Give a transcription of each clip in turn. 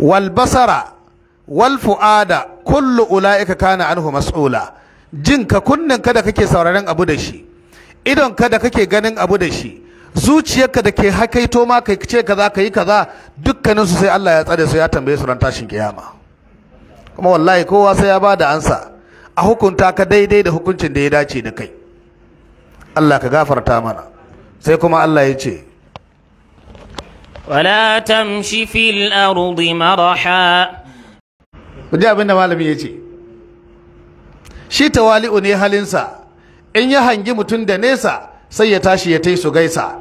Walbasara, walfu'ada, kullu ula'ika kana anhu mas'ula jinka kunnen ka da kake sauraron abu da shi idon ka da kake ganin abu da shi zuciyarka da ke hakaito ma kai kaza ka yi kaza dukkanin su sai Allah ya tsare su ya tambaye su ran tashin kiyama kuma wallahi kowa sai ya bada ansa a hukunta ka daidai da hukuncin da ya dace da kai Allah ka gafarta mana sai kuma Allah ya ce wala tamshi fil ardi maraha kuji abin da malami ya ce shi tawali'u ne halinsa in ya hangi mutum da nesa sai ya tashi ya tai su gaisa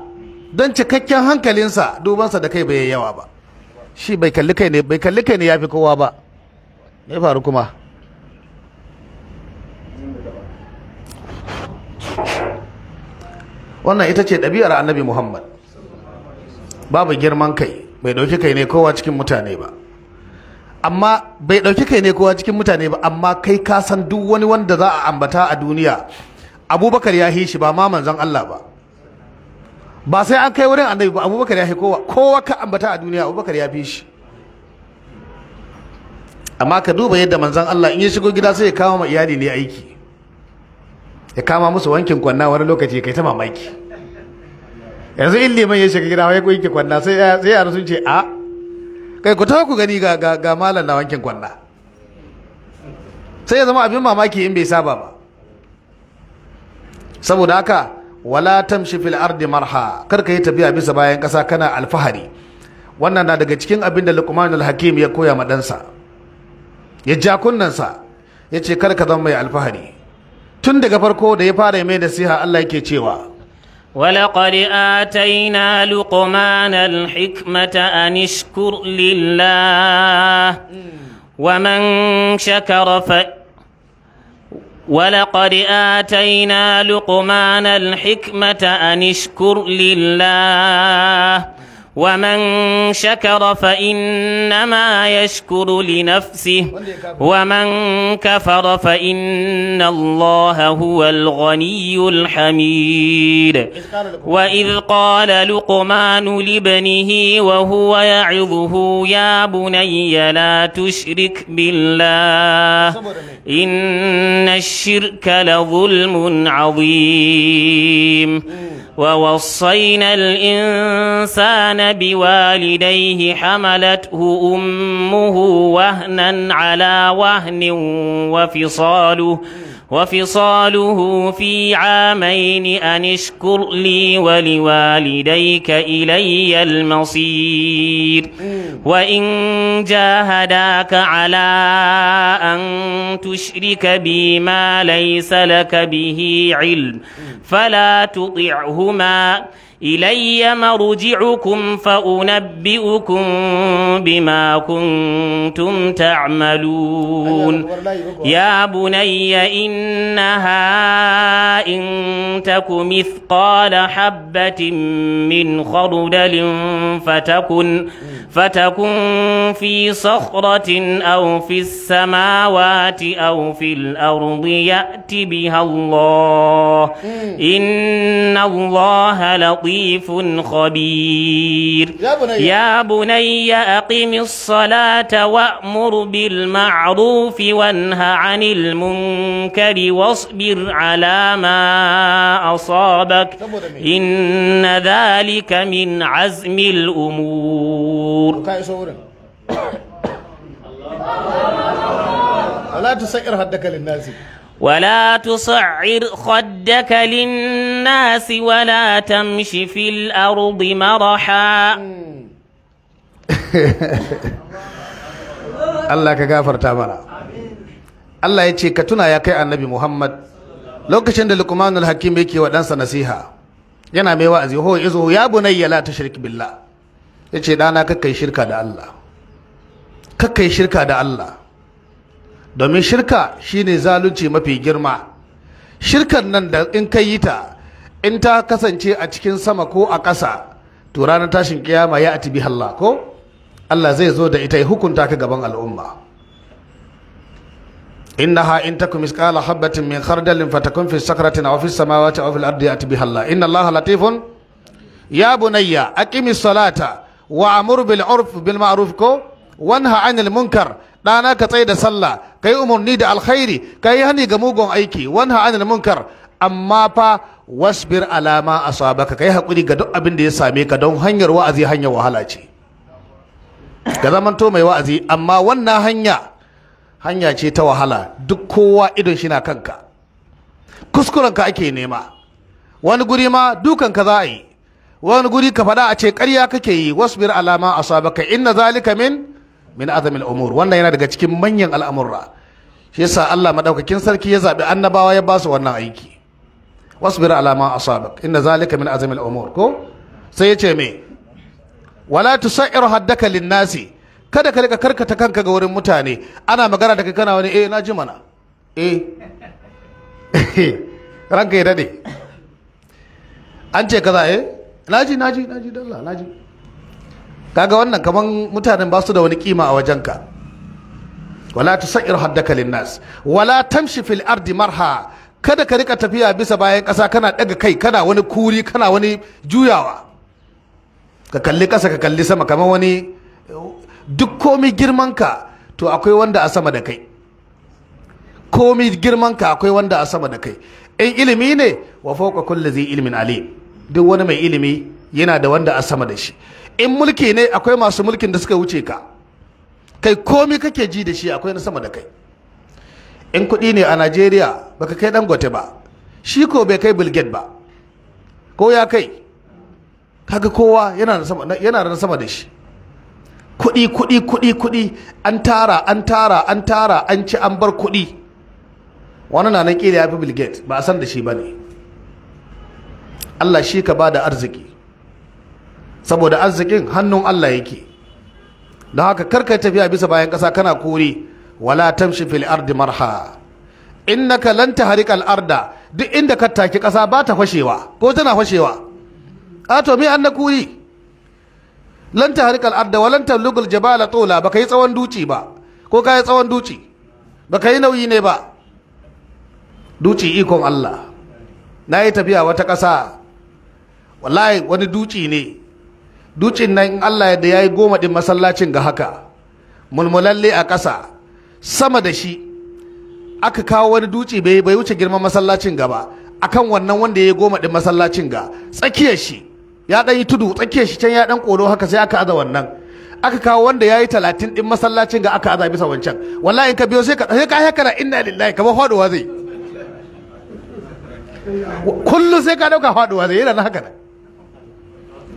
don cikakken hankalinsa dubansa da kai bai yawa ba shi bai kalli kai ne ya fi kowa ba me faru kuma wannan ita ce ɗabi'ar annabi muhammad babu girman kai bai dauki kai ne kowa cikin mutane ba amma bai dauki kai ne kowa cikin mutane ba amma kai ka san duk wani wanda za a ambata a duniya abubakar ya hi shi ba ma manzon Allah ba ba sai an kai wurin annabi ba abubakar ya hi kowa kowa ka ambata a duniya abubakar ya fi shi amma ka duba yadda manzon Allah in ya shigo gida sai ya kama ma iyali ne aiki ya kama musu wankin kwanna wani lokaci kai ta mamaki yanzu in liman ya shiga gida wai ku kwanna sai sai yaro sun ce a kai ku taho ku gani ga ga na wankin kwanna sai ya zama abin mamaki in bai saba ba saboda haka wala tamshi fil ardi marha kar ka yi tafiya bisa bayan kasa kana alfahari wannan na daga cikin abin da Luqman al-Hakim ya koya ma dansa. ya ja kunnansa ya ce kar ka zama mai alfahari tun daga farko da ya fara mai siha Allah yake cewa ولقد آتينا لقمان الحكمة أن اشكر لله ومن شكر ف ولقد آتينا لقمان الحكمة أن اشكر لله ومن شكر فإنما يشكر لنفسه ومن كفر فإن الله هو الغني الحميد وإذ قال لقمان لابنه وهو يعظه يا بني لا تشرك بالله إن الشرك لظلم عظيم ووصينا الإنسان كان بوالديه حملته أمه وهنا على وهن وفصاله وفصاله في عامين أن اشكر لي ولوالديك إلي المصير وإن جاهداك على أن تشرك بي ما ليس لك به علم فلا تطعهما إلي مرجعكم فأنبئكم بما كنتم تعملون يا بني إنها إن تك مثقال حبة من خردل فتكن فتكن في صخرة أو في السماوات أو في الأرض يأت بها الله إن الله لطيف خبير يا بني أقم الصلاة وأمر بالمعروف وانه عن المنكر واصبر على ما أصابك إن ذلك من عزم الأمور الطور كاي صورن ولا تسعر خدك للناس ولا تصعر خدك للناس ولا تمش في الأرض مرحا Allah ka gafarta mana Allah ya ce ka tuna ya kai annabi Muhammad lokacin da Luqmanul Hakim yake wa ɗansa nasiha yana mai wa'azi ho izo ya bunayya la tushrik billah ya ce ɗana kakai shirka da Allah shirka da Allah domin shirka shine zalunci mafi girma shirkar nan da in ka yi ta in ta kasance a cikin sama ko a ƙasa to ranar tashin kiyama ya ati Allah ko Allah zai zo da ita ya hukunta ka gaban al'umma innaha in takum misqala habatin min khardalin fatakun fi sakratin aw fi samawati aw fil ardi yati biha Allah inna Allah latifun ya bunayya aqimis salata wa amur bil urf bil ma'ruf ko wanha anil munkar dana ka tsaye da sallah kai umarni da alkhairi kai hani ga mugun aiki wanha anil munkar amma fa wasbir alama asabaka kai hakuri ga duk abin da ya same ka don hanyar wa'azi hanyar wahala ce ga zamanto mai wa'azi amma wannan hanya hanya ce ta wahala duk kowa idon shi na kanka kuskurenka ake nema wani guri ma dukanka za a yi wani guri ka faɗa a ce ƙarya kake yi wasbir alama asabaka inna zalika min min azamil umur wannan yana daga cikin manyan al'amurra shi yasa Allah madaukakin sarki ya zabi annabawa ya ba su wannan aiki wasbir alama asabak inna zalika min azamil umur ko sai ya ce me wala tusair haddaka linnasi kada ka rika karkata kanka ga wurin mutane ana magana da kai kana wani eh na ji mana eh ranka ya dade an ce kaza eh naji naji naji dalla naji kaga wannan kaman mutanen ba su da wani kima a wajenka wala tusair haddaka linnas wala tamshi fil ardi marha kada ka rika tafiya bisa bayan ƙasa kana daga kai kana wani kuri kana wani juyawa ka kalli ƙasa ka kalli sama kamar wani duk komi girmanka to akwai wanda a sama da kai komi girmanka akwai wanda a sama da kai in ilimi ne wa fawqa kulli zai ilmin alim duk wani mai ilimi yana da wanda a sama da shi in mulki ne akwai masu mulkin da suka wuce ka kai komi kake ji da shi akwai na sama da kai in kuɗi ne a najeriya baka kai dangote ba shi ko bai kai bilget ba ko ya kai kaga kowa yana da sama da shi kuɗi kuɗi kuɗi kuɗi an tara an tara an tara an ci an bar kuɗi wani na nan ya fi bilget ba a san da shi ba ne Allah shi ka bada arziki saboda arzikin hannun Allah yake don haka karka tafiya bisa bayan ƙasa kana kore wala tamshi fil ardi marha innaka lan tahrika al arda duk inda ka taki ƙasa ba ta fashewa ko tana fashewa a to me an na kuri lan tahrika al arda walan tablugul jibala tula baka yi tsawon duci ba ko ka yi tsawon duci baka yi nauyi ne ba duci ikon Allah na yi tafiya wata ƙasa wallahi wani duci ne ducin nan in Allah da yi goma ɗin masallacin ga haka mulmulalle a ƙasa sama da shi aka kawo wani duci bai bai wuce girman masallacin gaba akan wannan wanda ya yi goma ɗin masallacin ga tsakiyar shi ya ɗan yi tudu tsakiyar shi can ya ɗan ƙoro haka sai aka aza wannan aka kawo wanda ya yi talatin ɗin masallacin ga aka aza bisa wancan wallahi in ka biyo sai ka sai ka haka inna lillahi kamar faɗuwa zai kullum sai ka ɗauka faɗuwa zai yana haka nan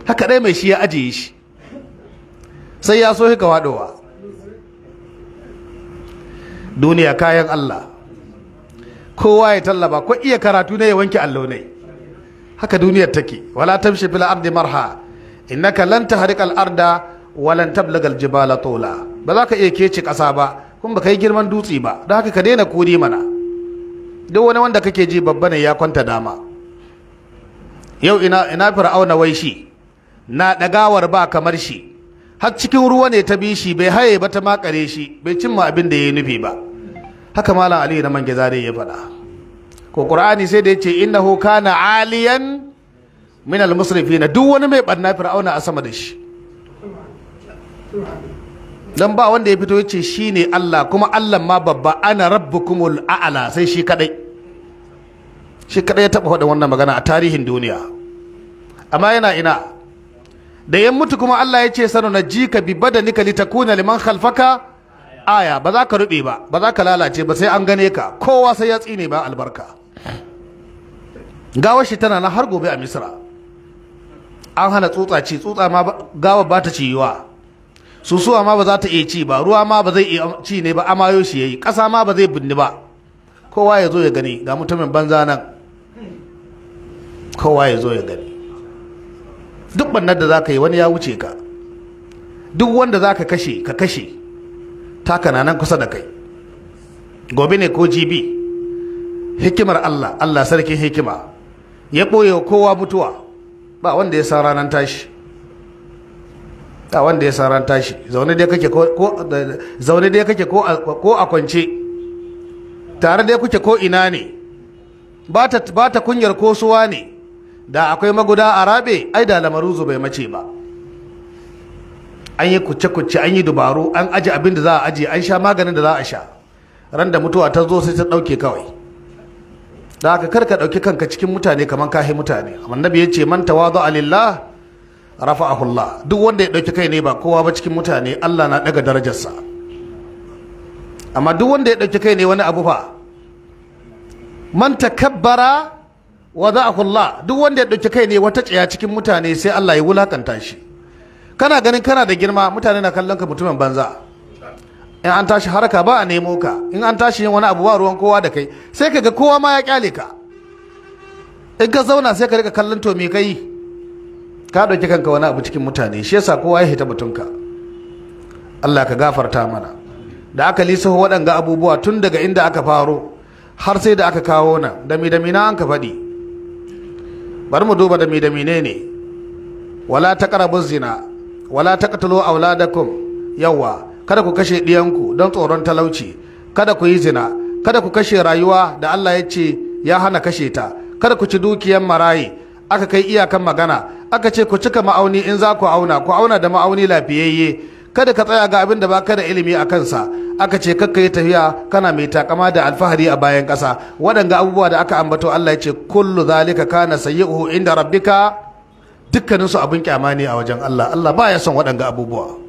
haka ɗaya mai shi ya ajiye shi sai ya so ka waɗowa duniya kayan Allah kowa ya tallaba ko iya karatu ne ya wanke allo ne haka duniyar take wala tamshi fil ardi marha innaka lan tahriqal arda walan tablagal jibala tola ba za ka iya kece kasa ba kuma baka yi girman dutse ba don haka ka daina kuri mana duk wani wanda kake ji babba ne ya kwanta dama yau ina ina fir'auna wai shi na ɗagawar ba kamar shi har cikin ruwa ne ta bi shi bai haye ba ta makare shi bai cimma abin da ya yi nufi ba haka malam ali na man zare ya faɗa ko qur'ani sai da ya ce innahu kana aliyan min na duk wani mai barna fir'auna a sama da shi dan ba wanda ya fito yace ce shine Allah kuma Allah ma babba ana rabbukumul a'la sai shi kadai shi kadai ya taba faɗa wannan magana a tarihin duniya amma yana ina da ya mutu kuma Allah ya ce sanu ka bi badanika litakuna liman khalfaka aya ba za ka rube ba ba za ka lalace ba sai an gane ka kowa sai ya tsine ba albarka gawar shi tana na har gobe a misra an hana tsutsa ci tsutsa ma gawar ba ta ci yiwa susuwa ma ba za ta iya ci ba ruwa ma ba zai iya ci ne ba amayo shi yayi ƙasa ma ba zai bindi ba kowa ya zo ya gani ga mutumin banza nan kowa ya zo ya gani duk bannar da za ka yi wani ya wuce ka duk wanda za ka kashe ka kashe taka na nan kusa da kai gobe ne ko jibi hikimar Allah Allah sarkin hikima ya ɓoye wa kowa mutuwa ba wanda ya sa ranar tashi ba wanda ya sa ranar tashi zaune dai kake ko zaune dai kake ko a kwance tare dai kuke ko ina ne ba ta kunyar ko suwa ne da akwai maguda a rabe ai da lamaruzu bai mace ba an yi kuce-kuce an yi dubaru an aji abin da za a aji an sha maganin da za a sha ran da mutuwa ta zo sai ta ɗauke kawai da aka kar ka ɗauki kanka cikin mutane kamar kahi mutane annabi ya ce man tawadu alillah rafa'ahu Allah duk wanda ya ɗauki kai ne ba kowa ba cikin mutane Allah na ɗaga darajarsa amma duk wanda ya ɗauki kai ne wani abu fa man takabbara wa kulla duk wanda ya ɗauki kai ne wata tsaya cikin mutane sai Allah ya wulakanta shi kana ganin kana da girma mutane na kallon ka mutumin banza in an tashi haraka ba a nemo ka in an tashi yin wani abu ba ruwan kowa da kai sai ka ga kowa ma ya kyale ka in ka zauna sai ka rika kallon to me kai ka ɗauki kanka wani abu cikin mutane shi yasa kowa ya hita mutunka Allah ka gafarta mana da aka lisa waɗanga abubuwa tun daga inda aka faro har sai da aka kawo nan dami dami na an ka faɗi bari mu duba da mi da ne wala taqrabu zina wala taqtulu auladakum yawa kada ku kashe diyanku don tsoron talauci kada ku yi zina kada ku kashe rayuwa da Allah ya ce ya hana kashe ta kada ku ci dukiyar marayi aka kai iyakan magana aka ce ku cika ma'auni in za ku auna ku auna da ma'auni lafiyayye kada ka tsaya ga abin da baka da ilimi a kansa aka ce kakka yi tafiya kana mai takama da alfahari a bayan ƙasa waɗanga abubuwa da aka ambato Allah ya ce kullu zalika kana sayyi'uhu inda rabbika dukkaninsu abin kyama ne a wajen Allah Allah ba ya son waɗanga abubuwa